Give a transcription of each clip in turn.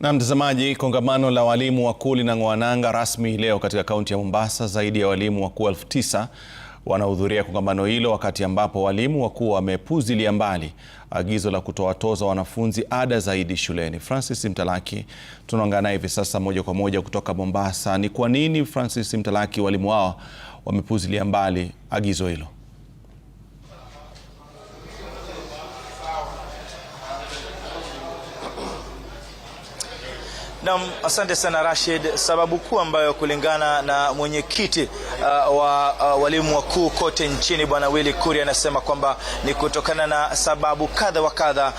Na mtazamaji, kongamano la walimu wakuu linang'oa nanga rasmi leo katika kaunti ya Mombasa. Zaidi ya walimu wakuu elfu tisa wanahudhuria kongamano hilo, wakati ambapo walimu wakuu wamepuzilia mbali agizo la kutowatoza wanafunzi ada zaidi shuleni. Francis Mtalaki tunaongea naye hivi sasa moja kwa moja kutoka Mombasa. Ni kwa nini, Francis Mtalaki, walimu hao wamepuzilia mbali agizo hilo? Naam, asante sana Rashid. Sababu kuu ambayo kulingana na mwenyekiti uh, wa uh, walimu wakuu kote nchini Bwana Willy kuri anasema kwamba ni kutokana na sababu kadha wa kadha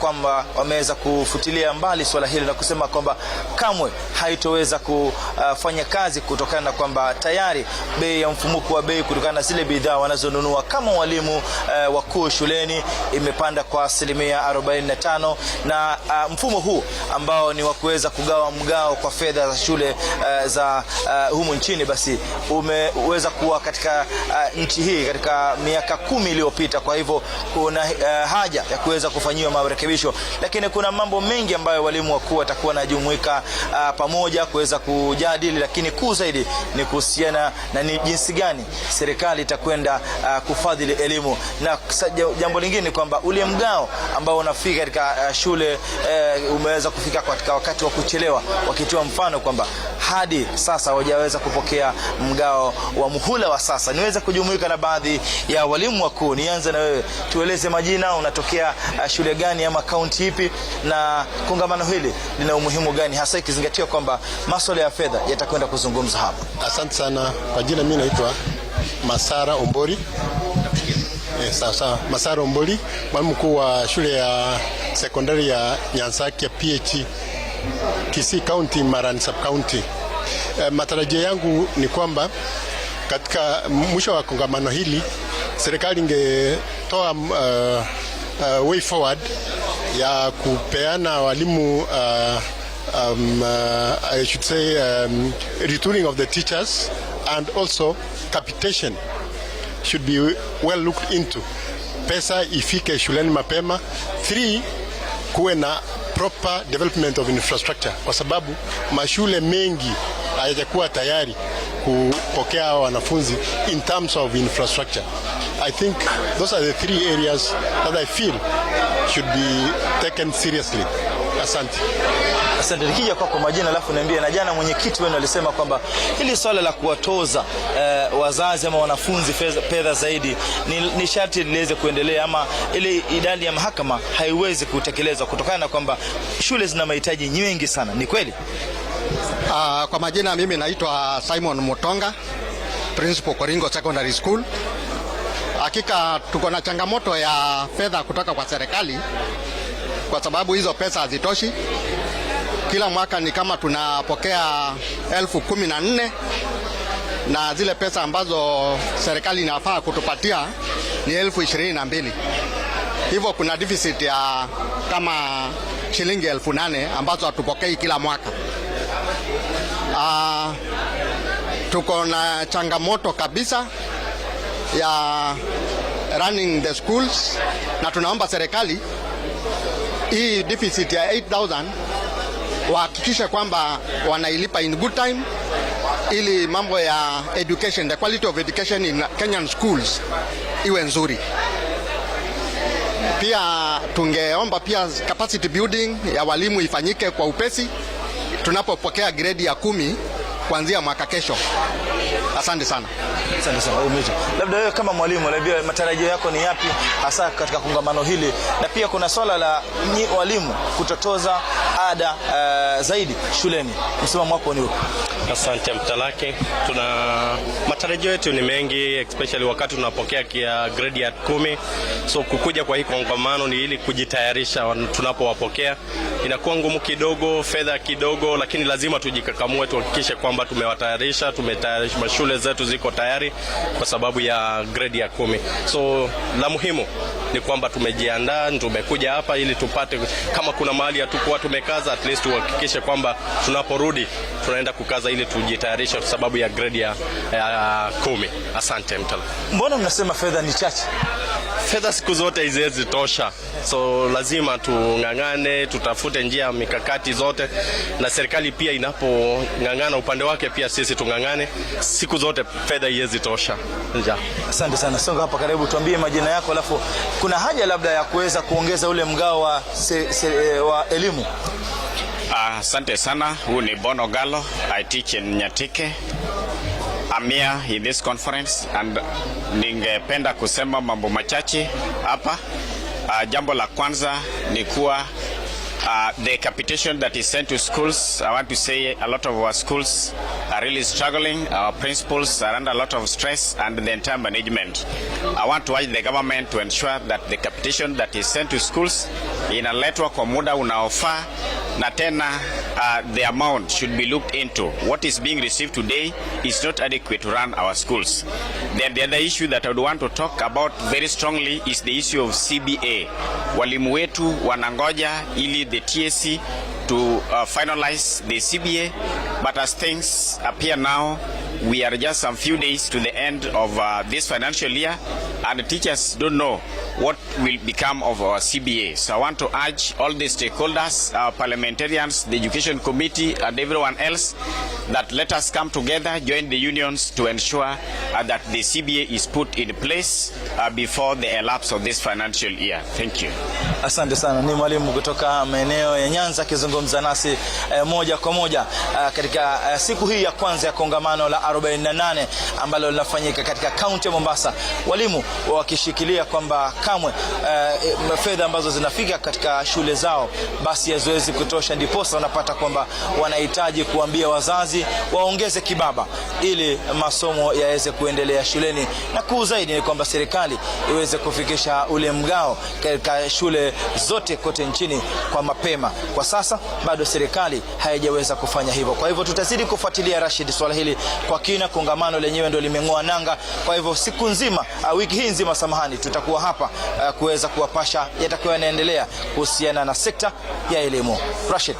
kwamba wameweza kufutilia mbali swala hili na kusema kwamba kamwe haitoweza kufanya kazi kutokana na kwamba tayari bei ya mfumuko wa bei kutokana na zile bidhaa wanazonunua kama walimu uh, wakuu shuleni imepanda kwa asilimia 45 na uh, mfumo huu ambao ni wa kuweza kugawa mgao kwa fedha za shule uh, za uh, humu nchini, basi umeweza kuwa katika uh, nchi hii katika miaka kumi iliyopita. Kwa hivyo kuna uh, haja ya kuweza kufanyiwa marekebisho, lakini kuna mambo mengi ambayo walimu wakuu watakuwa najumuika uh, pamoja kuweza kujadili, lakini kuu zaidi ni kuhusiana na ni jinsi gani serikali itakwenda uh, kufadhili elimu, na jambo lingine ni kwamba ule mgao ambao unafika katika uh, shule uh, umeweza kufika katika wakati wa kuchelewa, wakitoa mfano kwamba hadi sasa hawajaweza kupokea mgao wa muhula wa sasa. Niweze kujumuika na baadhi ya walimu wakuu. Nianze na wewe, tueleze majina, unatokea uh, shule gani ama kaunti ipi, na kongamano hili lina umuhimu gani hasa ikizingatia kwamba masuala ya fedha yatakwenda kuzungumza hapa? Asante sana. Kwa jina mimi naitwa Masara Ombori. Eh, sawa sawa. Masara Ombori, mwalimu mkuu wa shule ya sekondari ya Nyansaki ya PH e. Kisii County, Maran Sub County. E, matarajio yangu ni kwamba katika mwisho wa kongamano hili serikali ingetoa uh, uh, way forward ya kupeana walimu uh, um, uh, I should say um, returning of the teachers and also capitation should be well looked into. Pesa ifike shuleni mapema. Three, kuwe na proper development of infrastructure, kwa sababu mashule mengi hayajakuwa tayari kupokea wanafunzi in terms of infrastructure. I think those are the three areas that I feel should be taken seriously. Asante. Asante. Nikija kwako majina, alafu niambie. Na jana mwenyekiti wenu alisema kwamba hili swala la kuwatoza eh, wazazi ama wanafunzi fedha zaidi ni, ni sharti liweze kuendelea, ama ile idadi ya mahakama haiwezi kutekelezwa kutokana na kwamba shule zina mahitaji nyingi sana. Ni kweli? Uh, kwa majina mimi naitwa Simon Mutonga, principal Koringo Secondary School. Hakika tuko na changamoto ya fedha kutoka kwa serikali kwa sababu hizo pesa hazitoshi. Kila mwaka ni kama tunapokea elfu kumi na nne na zile pesa ambazo serikali inafaa kutupatia ni elfu ishirini na mbili hivyo kuna deficit ya kama shilingi elfu nane ambazo hatupokei kila mwaka. Ah, tuko na changamoto kabisa ya running the schools na tunaomba serikali hii deficit ya 8000 wahakikishe kwamba wanailipa in good time ili mambo ya education, the quality of education in Kenyan schools iwe nzuri. Pia tungeomba pia capacity building ya walimu ifanyike kwa upesi tunapopokea gredi ya kumi kuanzia mwaka kesho. Asante sana. Asante sana. Labda wewe kama mwalimu, labda matarajio yako ni yapi hasa katika kongamano hili, na pia kuna swala la walimu kutotoza ada uh, zaidi shuleni. Msimamo wako ni upi? Asante Mtalaki. Tuna matarajio yetu ni mengi, especially wakati tunapokea kia grade ya kumi. So kukuja kwa hii kongamano ni ili kujitayarisha, tunapowapokea inakuwa ngumu kidogo, fedha kidogo, lakini lazima tujikakamue, tuhakikishe kwamba tumewatayarisha, tumetayarisha shule zetu ziko tayari kwa sababu ya grade ya kumi. So la muhimu ni kwamba tumejiandaa, tumekuja hapa ili tupate, kama kuna mahali hatukuwa tume tumekaza at least uhakikishe kwamba tunaporudi tunaenda kukaza ili tujitayarishe kwa sababu ya grade ya, ya kumi. Asante mtala. Mbona mnasema fedha ni chache? fedha siku zote hiziwezi tosha, so lazima tung'ang'ane, tutafute njia ya mikakati zote, na serikali pia inapong'ang'ana upande wake, pia sisi tung'ang'ane siku zote, fedha hiwezi tosha. Nja. Asante sana. Songa hapa karibu, tuambie majina yako, alafu kuna haja labda ya kuweza kuongeza ule mgao wa, se, se, eh, wa elimu. Ah, asante uh, sana. Huu ni Bono Galo, I teach in Nyatike. Amia in this conference and ningependa kusema mambo machache hapa. Uh, jambo la kwanza ni kuwa Uh, the capitation that is sent to schools, I want to say a lot of our schools are really struggling. Our principals are under a lot of stress and the entire management. I want to urge the government to ensure that the capitation that is sent to schools inaletwa kwa muda unaofaa na tena uh, the amount should be looked into. What is being received today is not adequate to run our schools. Then the other issue that I would want to talk about very strongly is the issue of CBA. Walimu wetu wanangoja ili the TSC to uh, finalize the CBA, but as things appear now we are just some few days to the end of uh, this financial year and teachers don't know what will become of our CBA. So I want to urge all the stakeholders, our parliamentarians, the education committee and everyone else that let us come together, join the unions to ensure uh, that the CBA is put in place uh, before the elapse of this financial year. Thank you. Asante sana. Ni mwalimu kutoka maeneo ya Nyanza akizungumza nasi eh, moja kwa moja eh, katika eh, siku hii ya kwanza ya kongamano la 48 ambalo linafanyika katika kaunti ya Mombasa, walimu wakishikilia kwamba kamwe uh, fedha ambazo zinafika katika shule zao basi haziwezi kutosha, ndiposa wanapata kwamba wanahitaji kuambia wazazi waongeze kibaba ili masomo yaweze kuendelea shuleni, na kuu zaidi ni kwamba serikali iweze kufikisha ule mgao katika shule zote kote nchini kwa mapema. Kwa sasa bado serikali haijaweza kufanya hivyo, kwa hivyo tutazidi kufuatilia Rashid, swala hili kwa kina. Kongamano lenyewe ndio limeng'oa nanga. Kwa hivyo siku nzima, ah, wiki hii nzima, samahani, tutakuwa hapa ah, kuweza kuwapasha yatakuwa yanaendelea kuhusiana na sekta ya elimu. Rashid,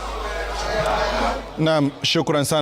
naam, shukran sana.